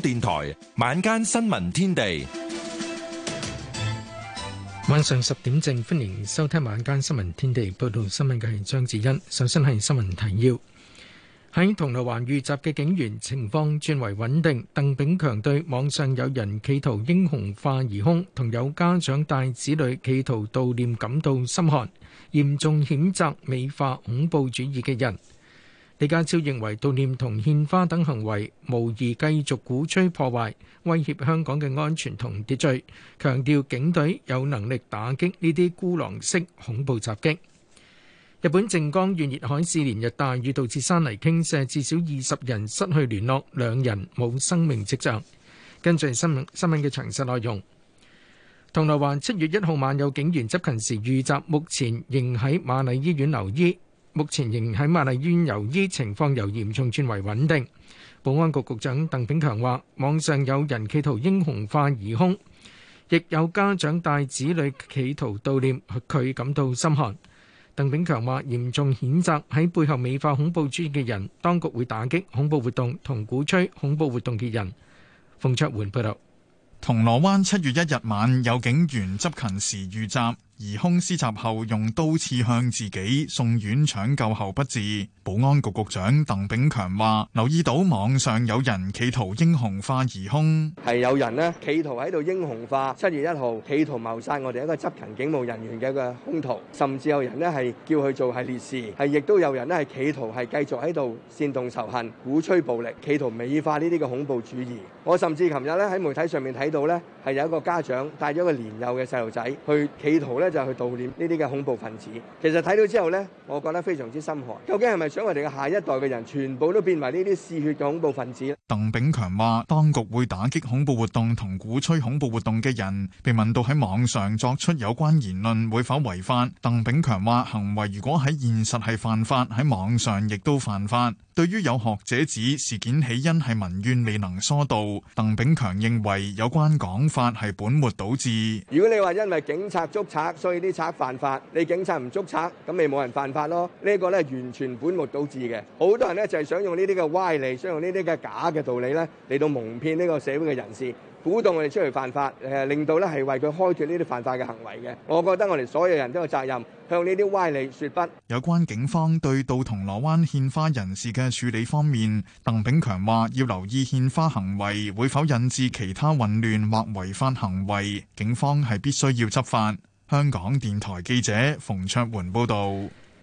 電台晚間新聞天地，晚上十點正，歡迎收聽晚間新聞天地。報道新聞嘅係張子欣。首先係新聞提要：喺銅鑼灣遇襲嘅警員情況轉為穩定。鄧炳強對網上有人企圖英雄化而凶，同有家長帶子女企圖悼念感到心寒，嚴重譴責美化恐怖主義嘅人。李家超認為悼念同獻花等行為無疑繼續鼓吹破壞，威脅香港嘅安全同秩序。強調警隊有能力打擊呢啲孤狼式恐怖襲擊。日本靜岡縣熱海市連日大雨導致山泥傾瀉，至少二十人失去聯絡，兩人冇生命跡象。跟住係新聞新聞嘅詳細內容。銅鑼灣七月一號晚有警員執勤時遇襲，目前仍喺瑪麗醫院留醫。目前仍喺瑪麗醫院留醫，情況由嚴重轉為穩定。保安局局長鄧炳強話網上有人企圖英雄化疑兇，亦有家長帶子女企圖悼念，佢感到心寒。鄧炳強話嚴重譴責喺背後美化恐怖主義嘅人，當局會打擊恐怖活動同鼓吹恐怖活動嘅人。馮卓桓報道。銅鑼灣七月一日晚有警員執勤時遇襲。疑凶施襲後用刀刺向自己，送院搶救後不治。保安局局長鄧炳強話：留意到網上有人企圖英雄化疑凶，係有人呢企圖喺度英雄化。七月一號企圖謀殺我哋一個執勤警務人員嘅一個凶徒，甚至有人呢係叫佢做係烈士，係亦都有人呢係企圖係繼續喺度煽動仇恨、鼓吹暴力、企圖美化呢啲嘅恐怖主義。我甚至琴日呢喺媒體上面睇到呢係有一個家長帶咗個年幼嘅細路仔去企圖呢。就係去悼念呢啲嘅恐怖分子，其實睇到之後呢，我覺得非常之心寒。究竟係咪想我哋嘅下一代嘅人全部都變為呢啲嗜血嘅恐怖分子？鄧炳強話，當局會打擊恐怖活動同鼓吹恐怖活動嘅人。被問到喺網上作出有關言論會否違法，鄧炳強話，行為如果喺現實係犯法，喺網上亦都犯法。對於有學者指事件起因係民怨未能疏導，鄧炳強認為有關講法係本末倒置。如果你話因為警察捉賊，所以啲賊犯法，你警察唔捉賊，咁咪冇人犯法咯？呢個咧完全本末倒置嘅。好多人咧就係想用呢啲嘅歪理，想用呢啲嘅假嘅道理咧嚟到蒙騙呢個社會嘅人士。鼓動我哋出去犯法，誒令到咧係為佢開脱呢啲犯法嘅行為嘅，我覺得我哋所有人都有責任向呢啲歪理說不。有關警方對到銅鑼灣獻花人士嘅處理方面，鄧炳強話要留意獻花行為會否引致其他混亂或違法行為，警方係必須要執法。香港電台記者馮卓桓報道。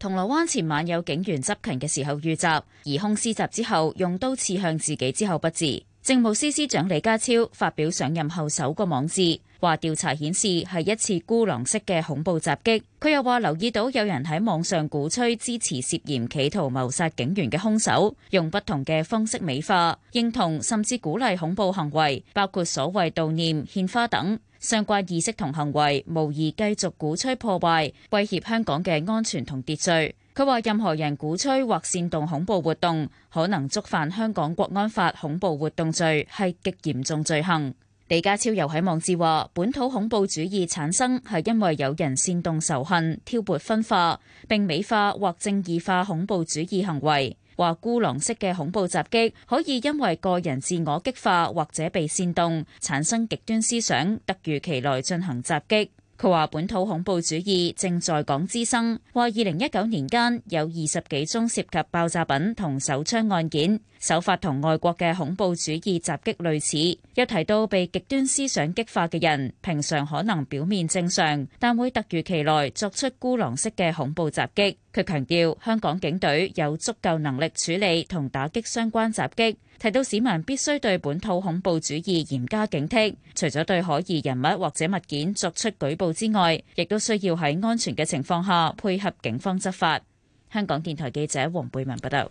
銅鑼灣前晚有警員執勤嘅時候遇襲，疑兇施襲之後用刀刺向自己之後不治。政務司司長李家超發表上任後首個網誌，話調查顯示係一次孤狼式嘅恐怖襲擊。佢又話留意到有人喺網上鼓吹支持涉嫌企圖謀殺警員嘅兇手，用不同嘅方式美化、認同甚至鼓勵恐怖行為，包括所謂悼念、獻花等。相關意識同行為，無疑繼續鼓吹破壞，威脅香港嘅安全同秩序。佢話：任何人鼓吹或煽動恐怖活動，可能觸犯香港國安法恐怖活動罪，係極嚴重罪行。李家超又喺網誌話：本土恐怖主義產生係因為有人煽動仇恨、挑撥分化，並美化或正義化恐怖主義行為。話孤狼式嘅恐怖襲擊可以因為個人自我激化或者被煽動，產生極端思想，突如其來進行襲擊。佢話，本土恐怖主義正在港滋生，話二零一九年間有二十幾宗涉及爆炸品同手槍案件。手法同外國嘅恐怖主義襲擊類似，又提到被極端思想激化嘅人，平常可能表面正常，但會突如其來作出孤狼式嘅恐怖襲擊。佢強調，香港警隊有足夠能力處理同打擊相關襲擊，提到市民必須對本土恐怖主義嚴加警惕。除咗對可疑人物或者物件作出舉報之外，亦都需要喺安全嘅情況下配合警方執法。香港電台記者黃貝文報道。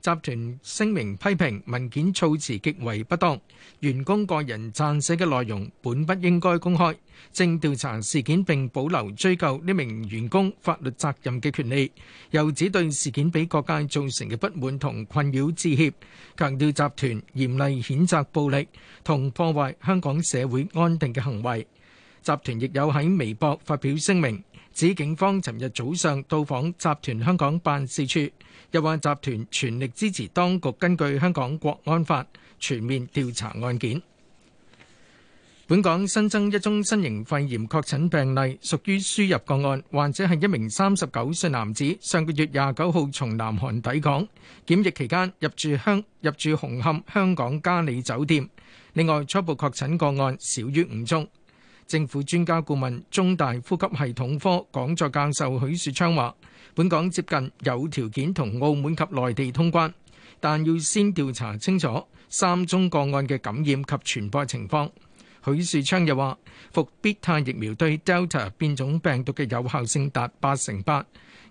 集團聲明批評文件措辭極為不當，員工個人撰寫嘅內容本不應該公開，正調查事件並保留追究呢名員工法律責任嘅權利。又指對事件畀各界造成嘅不滿同困擾致歉，強調集團嚴厲譴責暴力同破壞香港社會安定嘅行為。集團亦有喺微博發表聲明。指警方尋日早上到訪集團香港辦事處，又話集團全力支持當局根據香港國安法全面調查案件。本港新增一宗新型肺炎確診病例，屬於輸入個案，患者係一名三十九歲男子，上個月廿九號從南韓抵港，檢疫期間入住香入住紅磡香港嘉里酒店。另外，初步確診個案少於五宗。政府專家顧問、中大呼吸系統科講座教授許樹昌話：本港接近有條件同澳門及內地通關，但要先調查清楚三宗個案嘅感染及傳播情況。許樹昌又話：復必泰疫苗對 Delta 變種病毒嘅有效性達八成八，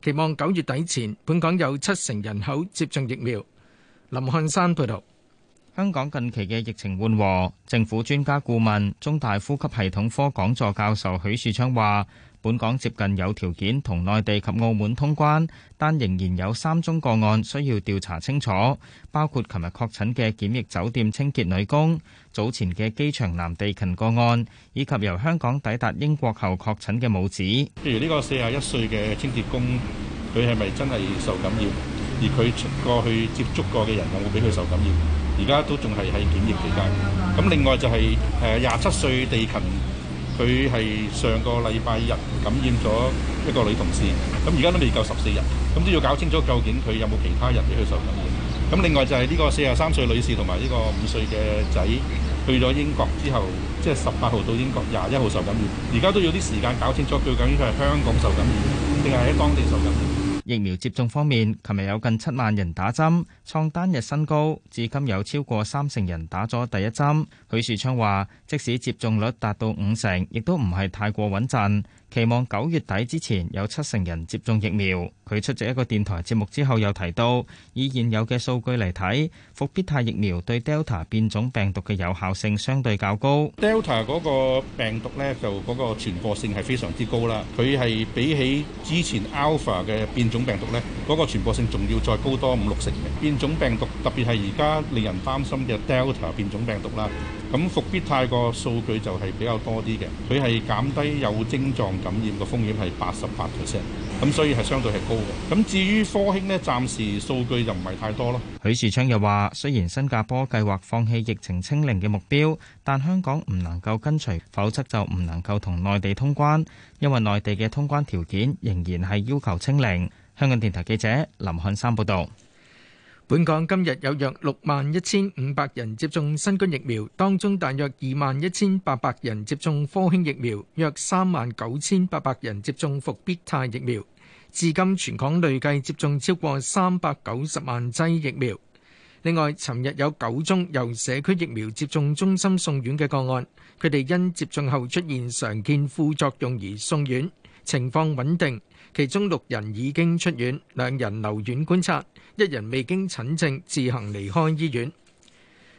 期望九月底前本港有七成人口接種疫苗。林漢山報道。香港近期嘅疫情緩和，政府專家顧問、中大呼吸系統科講座教授許樹昌話：本港接近有條件同內地及澳門通關，但仍然有三宗個案需要調查清楚，包括琴日確診嘅檢疫酒店清潔女工、早前嘅機場南地勤個案，以及由香港抵達英國後確診嘅母子。譬如呢個四十一歲嘅清潔工，佢係咪真係受感染？而佢出過去接觸過嘅人，有冇俾佢受感染？而家都仲係喺檢疫期間。咁另外就係誒，廿七歲地勤，佢係上個禮拜日感染咗一個女同事，咁而家都未夠十四日，咁都要搞清楚究竟佢有冇其他人俾去受感染。咁另外就係呢個四十三歲女士同埋呢個五歲嘅仔去咗英國之後，即係十八號到英國廿一號受感染，而家都要啲時間搞清楚究竟佢係香港受感染定係喺當地受感染。疫苗接種方面，琴日有近七萬人打針，創單日新高。至今有超過三成人打咗第一針。許樹昌話：即使接種率達到五成，亦都唔係太過穩陣。期望九月底之前有七成人接種疫苗。佢出席一個電台節目之後，又提到以現有嘅數據嚟睇，復必泰疫苗對 Delta 變種病毒嘅有效性相對較高。Delta 嗰個病毒咧，就嗰個傳播性係非常之高啦。佢係比起之前 Alpha 嘅變種。種病毒咧，嗰個傳播性仲要再高多五六成嘅變種病毒，特別係而家令人擔心嘅 Delta 變種病毒啦。咁伏必泰個數據就係比較多啲嘅，佢係減低有症狀感染嘅風險係八十八 percent，咁所以係相對係高嘅。咁至於科興呢，暫時數據就唔係太多咯。許樹昌又話：雖然新加坡計劃放棄疫情清零嘅目標，但香港唔能夠跟隨，否則就唔能夠同內地通關，因為內地嘅通關條件仍然係要求清零。香港電台記者林漢山報道，本港今日有約六萬一千五百人接種新冠疫苗，當中大約二萬一千八百人接種科興疫苗，約三萬九千八百人接種復必泰疫苗。至今全港累計接種超過三百九十萬劑疫苗。另外，尋日有九宗由社區疫苗接種中心送院嘅個案，佢哋因接種後出現常見副作用而送院，情況穩定。其中六人已經出院，兩人留院觀察，一人未經診症自行離開醫院。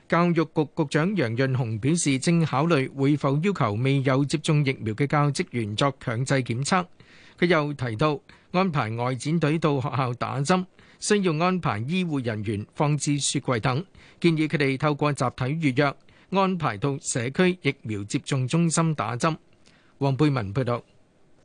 教育局局長楊潤雄表示，正考慮會否要求未有接種疫苗嘅教職員作強制檢測。佢又提到，安排外展隊到學校打針，需要安排醫護人員放置雪櫃等，建議佢哋透過集體預約，安排到社區疫苗接種中心打針。黃貝文報導。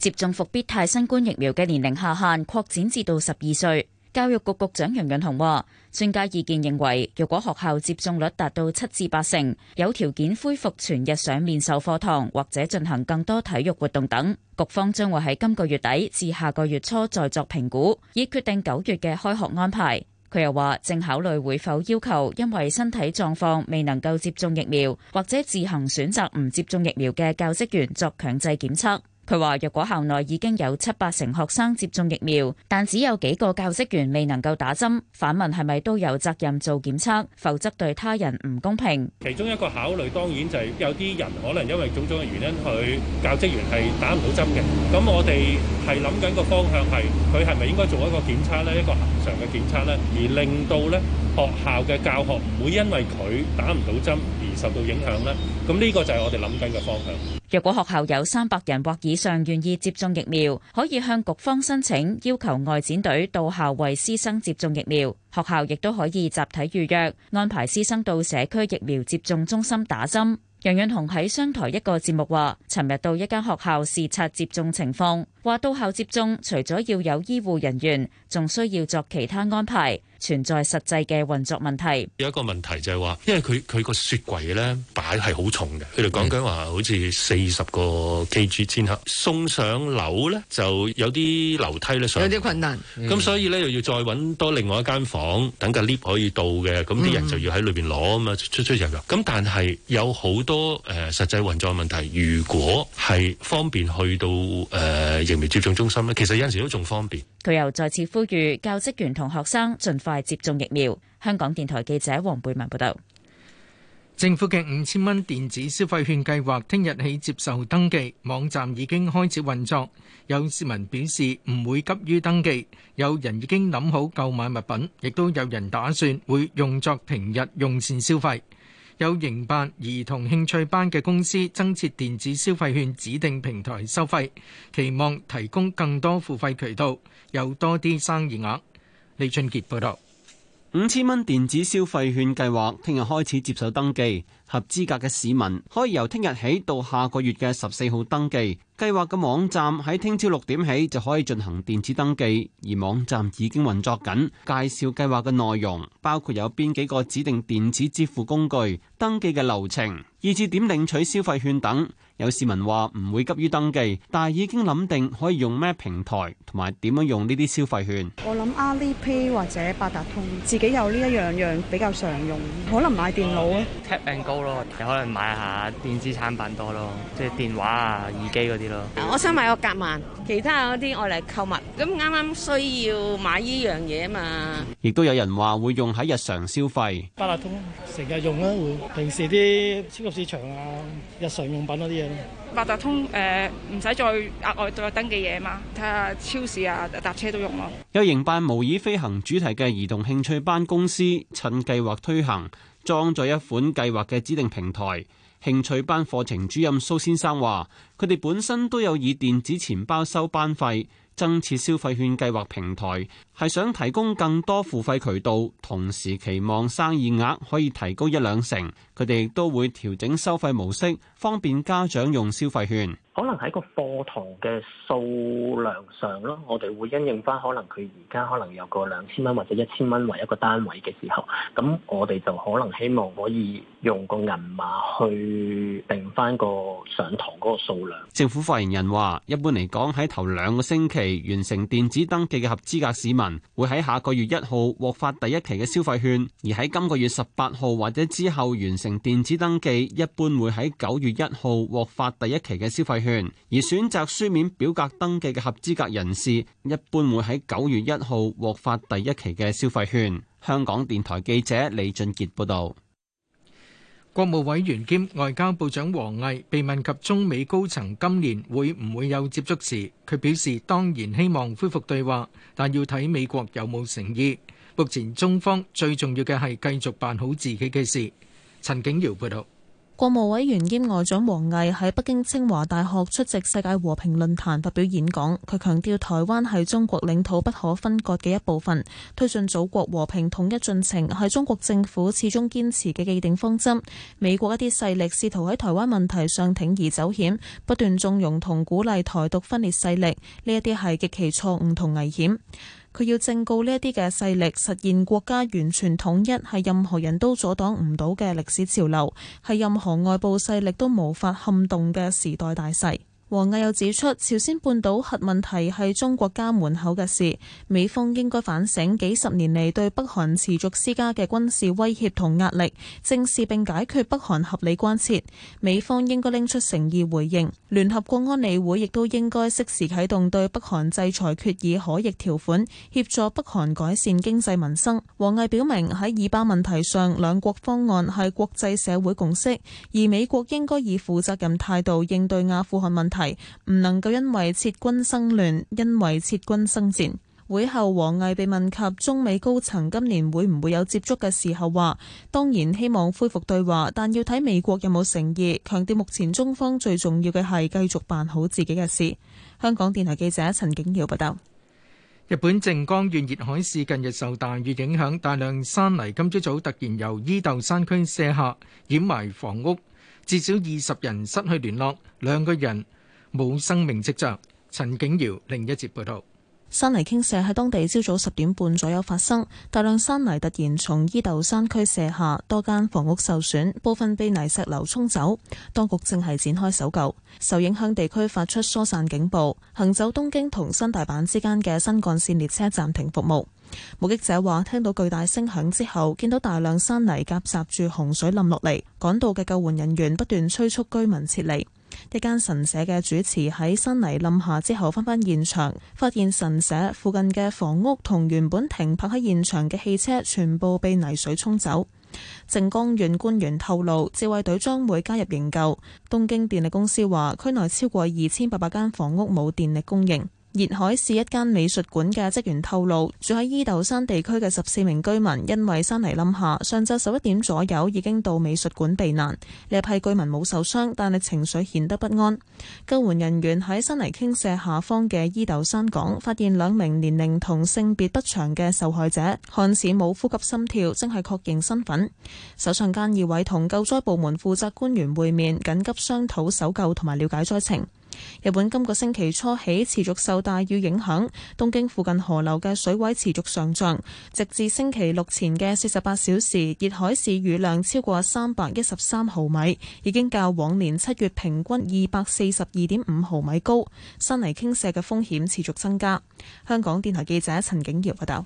接種復必泰新冠疫苗嘅年齡下限擴展至到十二歲。教育局局長楊潤雄話，專家意見認為，若果學校接種率達到七至八成，有條件恢復全日上面授課堂或者進行更多體育活動等。局方將會喺今個月底至下個月初再作評估，以決定九月嘅開學安排。佢又話，正考慮會否要求因為身體狀況未能夠接種疫苗或者自行選擇唔接種疫苗嘅教職員作強制檢測。佢話：若果校內已經有七八成學生接種疫苗，但只有幾個教職員未能夠打針，反問係咪都有責任做檢測，否則對他人唔公平。其中一個考慮當然就係有啲人可能因為種種嘅原因，佢教職員係打唔到針嘅。咁我哋係諗緊個方向係佢係咪應該做一個檢測呢，一個恒常嘅檢測呢，而令到呢學校嘅教學唔會因為佢打唔到針受到影響呢，咁呢個就係我哋諗緊嘅方向。若果學校有三百人或以上願意接種疫苗，可以向局方申請，要求外展隊到校為師生接種疫苗。學校亦都可以集體預約，安排師生到社區疫苗接種中心打針。楊潤雄喺商台一個節目話，尋日到一間學校視察接種情況。話到校接種，除咗要有醫護人員，仲需要作其他安排，存在實際嘅運作問題。有一個問題就係話，因為佢佢個雪櫃咧擺係好重嘅，佢哋講緊話好似四十個 kg 千克送上樓咧，就有啲樓梯咧上，有啲困難。咁、嗯、所以咧又要再揾多另外一間房等架 lift 可以到嘅，咁啲人就要喺裏邊攞啊嘛，出出入入。咁但係有好多誒、呃、實際運作問題，如果係方便去到誒。呃疫苗接種中心呢，其實有陣時都仲方便。佢又再次呼籲教職員同學生盡快接種疫苗。香港電台記者黃貝文報道。政府嘅五千蚊電子消費券計劃聽日起接受登記，網站已經開始運作。有市民表示唔會急於登記，有人已經諗好購買物品，亦都有人打算會用作平日用膳消費。有營辦兒童興趣班嘅公司增設電子消費券指定平台收費，期望提供更多付費渠道，有多啲生意額。李俊傑報道。五千蚊電子消費券計劃聽日開始接受登記，合資格嘅市民可以由聽日起到下個月嘅十四號登記。計劃嘅網站喺聽朝六點起就可以進行電子登記，而網站已經運作緊，介紹計劃嘅內容，包括有邊幾個指定電子支付工具、登記嘅流程、以至點領取消費券等。有市民話唔會急於登記，但係已經諗定可以用咩平台同埋點樣用呢啲消費券。我諗 Alipay 或者八達通，自己有呢一樣樣比較常用，可能買電腦啊。Uh, tap and go 咯，可能買下電子產品多咯，即係電話啊、耳機嗰啲咯。我想買個夾萬，其他嗰啲我嚟購物。咁啱啱需要買呢樣嘢啊嘛。亦都有人話會用喺日常消費。八達通成日用啦，平時啲超級市場啊、日常用品嗰啲嘢。八達通誒，唔使再額外再登記嘢嘛？睇下超市啊，搭車都用咯。有營辦模擬飛行主題嘅兒童興趣班，公司趁計劃推行，裝咗一款計劃嘅指定平台。興趣班課程主任蘇先生話，佢哋本身都有以電子錢包收班費。增設消費券計劃平台，係想提供更多付費渠道，同時期望生意額可以提高一兩成。佢哋亦都會調整收費模式，方便家長用消費券。可能喺個課堂嘅數量上咯，我哋會因應翻，可能佢而家可能有個兩千蚊或者一千蚊為一個單位嘅時候，咁我哋就可能希望可以用個銀碼去定翻個上堂嗰個數量。政府發言人話，一般嚟講，喺頭兩個星期完成電子登記嘅合資格市民，會喺下個月一號獲發第一期嘅消費券，而喺今個月十八號或者之後完成電子登記一般會喺九月一號獲發第一期嘅消費券而，選擇書面表格登記嘅合資格人士，一般會喺九月一號獲發第一期嘅消費券。香港電台記者李俊杰報道。國務委員兼外交部長王毅被問及中美高層今年會唔會有接觸時，佢表示當然希望恢復對話，但要睇美國有冇誠意。目前中方最重要嘅係繼續辦好自己嘅事。陳景堯報道。國務委員兼外長王毅喺北京清華大學出席世界和平論壇發表演講，佢強調台灣係中國領土不可分割嘅一部分，推進祖國和平統一進程係中國政府始終堅持嘅既定方針。美國一啲勢力試圖喺台灣問題上鋌而走險，不斷縱容同鼓勵台獨分裂勢力，呢一啲係極其錯誤同危險。佢要正告呢一啲嘅勢力，實現國家完全統一，係任何人都阻擋唔到嘅歷史潮流，係任何外部勢力都無法撼動嘅時代大勢。王毅又指出，朝鮮半島核問題係中國家門口嘅事，美方應該反省幾十年嚟，對北韓持續施加嘅軍事威脅同壓力，正視並解決北韓合理關切。美方應該拎出誠意回應。聯合國安理會亦都應該適時啟動對北韓制裁決議可逆條款，協助北韓改善經濟民生。王毅表明喺以巴問題上，兩國方案係國際社會共識，而美國應該以負責任態度應對阿富汗問題。唔能夠因為撤軍生亂，因為撤軍生戰。會後，王毅被問及中美高層今年會唔會有接觸嘅時候，話當然希望恢復對話，但要睇美國有冇誠意。強調目前中方最重要嘅係繼續辦好自己嘅事。香港電台記者陳景耀報道。日本靜岡縣熱海市近日受大雨影響，大量山泥今朝早突然由伊豆山區瀉下，掩埋房屋，至少二十人失去聯絡，兩個人。冇生命跡象。陳景堯另一節報道：山泥傾瀉喺當地朝早十點半左右發生，大量山泥突然從伊豆山區卸下，多間房屋受損，部分被泥石流沖走。當局正係展開搜救，受影響地區發出疏散警報，行走東京同新大阪之間嘅新幹線列車暫停服務。目擊者話：聽到巨大聲響之後，見到大量山泥夾雜住洪水冧落嚟，趕到嘅救援人員不斷催促居民撤離。一間神社嘅主持喺山泥冧下之後翻返現場，發現神社附近嘅房屋同原本停泊喺現場嘅汽車全部被泥水沖走。靜岡縣官員透露，自衛隊將會加入營救。東京電力公司話，區內超過二千八百間房屋冇電力供應。熱海市一間美術館嘅職員透露，住喺伊豆山地區嘅十四名居民因為山泥冧下，上晝十一點左右已經到美術館避難。呢批居民冇受傷，但係情緒顯得不安。救援人員喺山泥傾瀉下方嘅伊豆山港發現兩名年齡同性別不詳嘅受害者，看似冇呼吸心跳，正係確認身份。首相菅義偉同救災部門負責官員會面，緊急商討搜救同埋了解災情。日本今個星期初起持續受大雨影響，東京附近河流嘅水位持續上漲，直至星期六前嘅四十八小時，熱海市雨量超過三百一十三毫米，已經較往年七月平均二百四十二點五毫米高，山泥傾瀉嘅風險持續增加。香港電台記者陳景堯報道。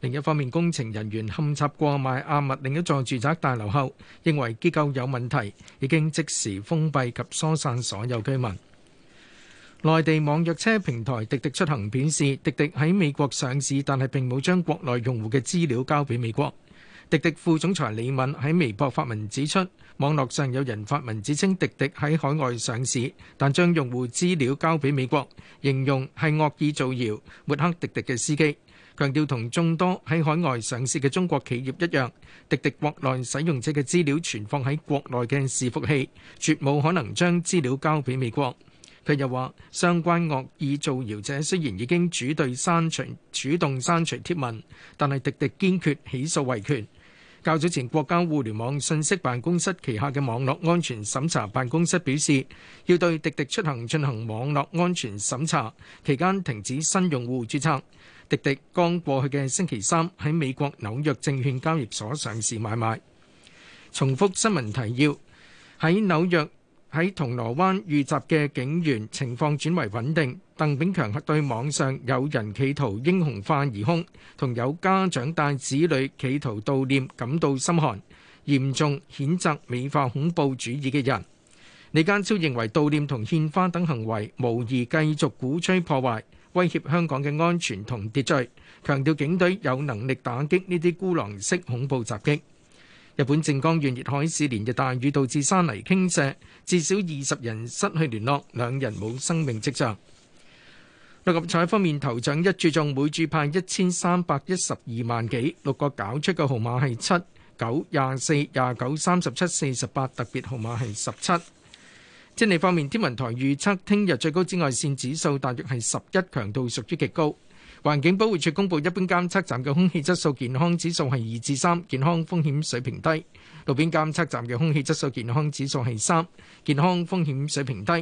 另一方面，工程人員勘察過邁阿密另一座住宅大樓後，認為結構有問題，已經即時封閉及疏散所有居民。內地網約車平台滴滴出行表示，滴滴喺美國上市，但係並冇將國內用戶嘅資料交俾美國。滴滴副總裁李敏喺微博發文指出，網絡上有人發文指稱滴滴喺海外上市，但將用戶資料交俾美國，形容係惡意造謠，抹黑滴滴嘅司機。強調同眾多喺海外上市嘅中國企業一樣，滴滴國內使用者嘅資料存放喺國內嘅伺服器，絕冇可能將資料交俾美國。佢又話，相關惡意造謠者雖然已經主對刪除主動刪除貼文，但係滴滴堅決起訴維權。較早前，國家互聯網信息辦公室旗下嘅網絡安全審查辦公室表示，要對滴滴出行進行網絡安全審查，期間停止新用戶註冊。滴滴剛過去嘅星期三喺美國紐約證券交易所上市買賣。重複新聞提要：喺紐約喺銅鑼灣遇襲嘅警員情況轉為穩定。鄧炳強對網上有人企圖英雄化疑兇，同有家長帶子女企圖悼念感到心寒，嚴重譴責美化恐怖主義嘅人。李家超認為悼念同獻花等行為無疑繼續鼓吹破壞。威脅香港嘅安全同秩序，強調警隊有能力打擊呢啲孤狼式恐怖襲擊。日本靜岡縣熱海市連日大雨導致山泥傾瀉，至少二十人失去聯絡，兩人冇生命跡象。六合彩方面，頭獎一注中，每注派一千三百一十二萬幾。六個攪出嘅號碼係七、九、廿四、廿九、三十七、四十八，特別號碼係十七。天氣方面，天文台預測聽日最高紫外線指數大約係十一，強度屬於極高。環境保護署公布，一般監測站嘅空氣質素健康指數係二至三，健康風險水平低；路邊監測站嘅空氣質素健康指數係三，健康風險水平低。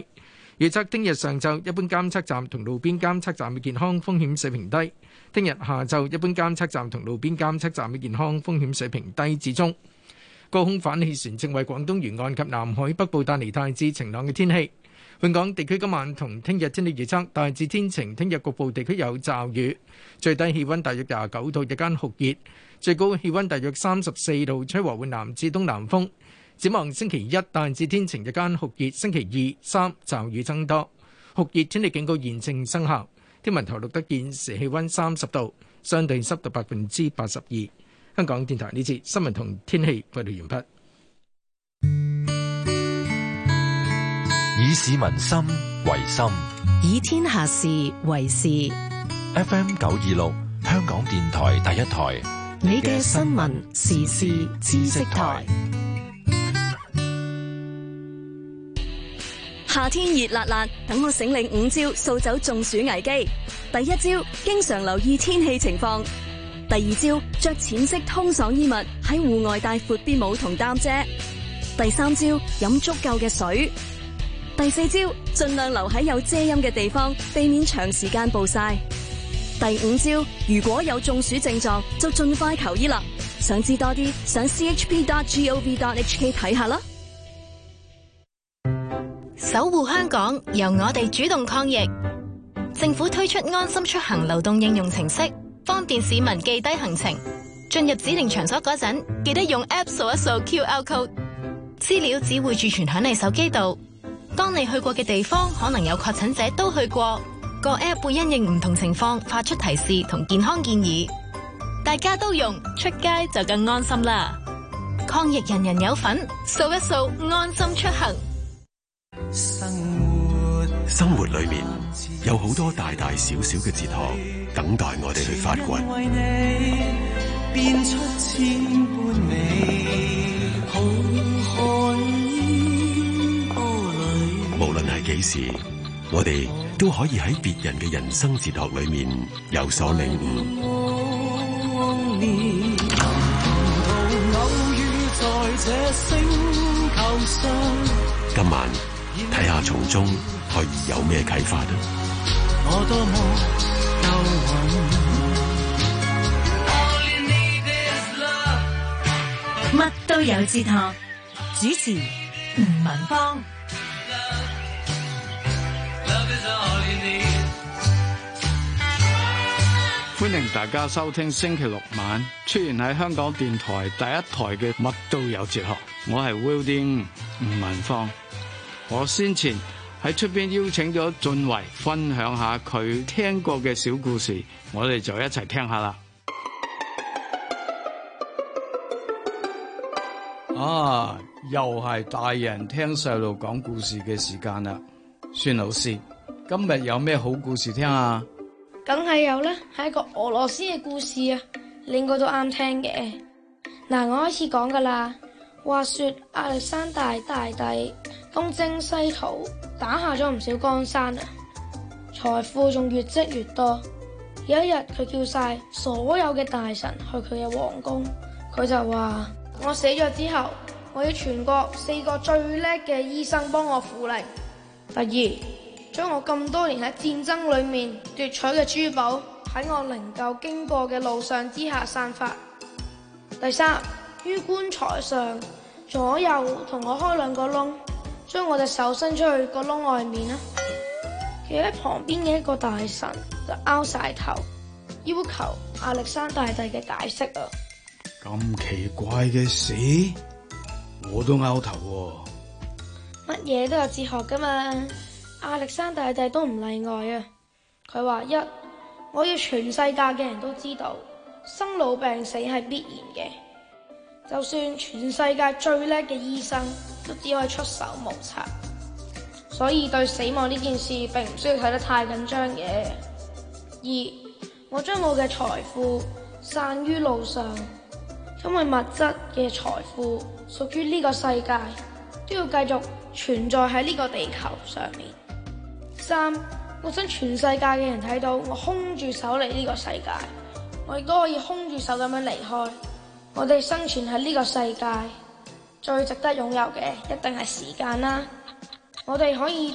預測聽日上晝一般監測站同路邊監測站嘅健康風險水平低；聽日下晝一般監測站同路邊監測站嘅健康風險水平低至中。高空反氣旋正為廣東沿岸及南海北部帶嚟大致晴朗嘅天氣。本港地區今晚同聽日天氣預測大致天晴，聽日局部地區有驟雨，最低氣温大約廿九度，日間酷熱，最高氣温大約三十四度，吹和緩南至東南風。展望星期一大致天晴，日間酷熱；星期二三驟雨增多，酷熱天氣警告現正生效。天文台錄得現時氣温三十度，相對濕度百分之八十二。香港電台呢節新聞同天氣報道完畢。以市民心為心，以天下事為事。FM 九二六，香港電台第一台，你嘅新聞時事知識台。夏天熱辣辣，等我醒領五招，掃走中暑危機。第一招，經常留意天氣情況。第二招，着淺色通爽衣物，喺戶外帶闊啲帽同擔遮。第三招，飲足夠嘅水。第四招，盡量留喺有遮陰嘅地方，避免長時間暴晒。第五招，如果有中暑症狀，就盡快求醫啦。想知多啲，上 chp.gov.hk 睇下啦。守護香港，由我哋主動抗疫。政府推出安心出行流動應用程式。方便市民記低行程，進入指定場所嗰陣，記得用 App 掃一掃 QR code，資料只會儲存響你手機度。當你去過嘅地方可能有確診者都去過，個 App 會因應唔同情況發出提示同健康建議。大家都用，出街就更安心啦！抗疫人人有份，掃一掃安心出行。生。生活裏面有好多大大小小嘅哲學，等待我哋去發掘。無論係幾時，我哋都可以喺別人嘅人生哲學裏面有所領悟。 今晚睇下從中。有咩啟發？乜 都有哲學主持吳文芳，歡迎大家收聽星期六晚出現喺香港電台第一台嘅《乜都有哲學》，我係 Willding 吳文芳，我先前。喺出邊邀請咗俊維分享下佢聽過嘅小故事，我哋就一齊聽一下啦。啊，又係大人聽細路講故事嘅時間啦，孫老師，今日有咩好故事聽啊？梗係有啦，係一個俄羅斯嘅故事啊，你應該都啱聽嘅。嗱，我開始講噶啦。話說亞歷山大大帝東征西討，打下咗唔少江山啊，財富仲越積越多。有一日佢叫晒所有嘅大臣去佢嘅皇宮，佢就話：我死咗之後，我要全國四個最叻嘅醫生幫我扶靈；第二，將我咁多年喺戰爭裏面奪取嘅珠寶喺我能夠經過嘅路上之下散發；第三，於棺材上左右同我開兩個窿。將我隻手伸出去，個窿外面啦，企喺旁邊嘅一個大神就拗晒頭，要求亞歷山大帝嘅解釋啊！咁奇怪嘅事，我都拗頭喎，哦。乜嘢都有哲學噶嘛？亞歷山大帝都唔例外啊！佢話一，我要全世界嘅人都知道，生老病死係必然嘅，就算全世界最叻嘅醫生。都只可以出手無策，所以對死亡呢件事並唔需要睇得太緊張嘅。二，我將我嘅財富散於路上，因為物質嘅財富屬於呢個世界，都要繼續存在喺呢個地球上面。三，我想全世界嘅人睇到我空住手嚟呢個世界，我亦都可以空住手咁樣離開，我哋生存喺呢個世界。最值得擁有嘅，一定係時間啦。我哋可以。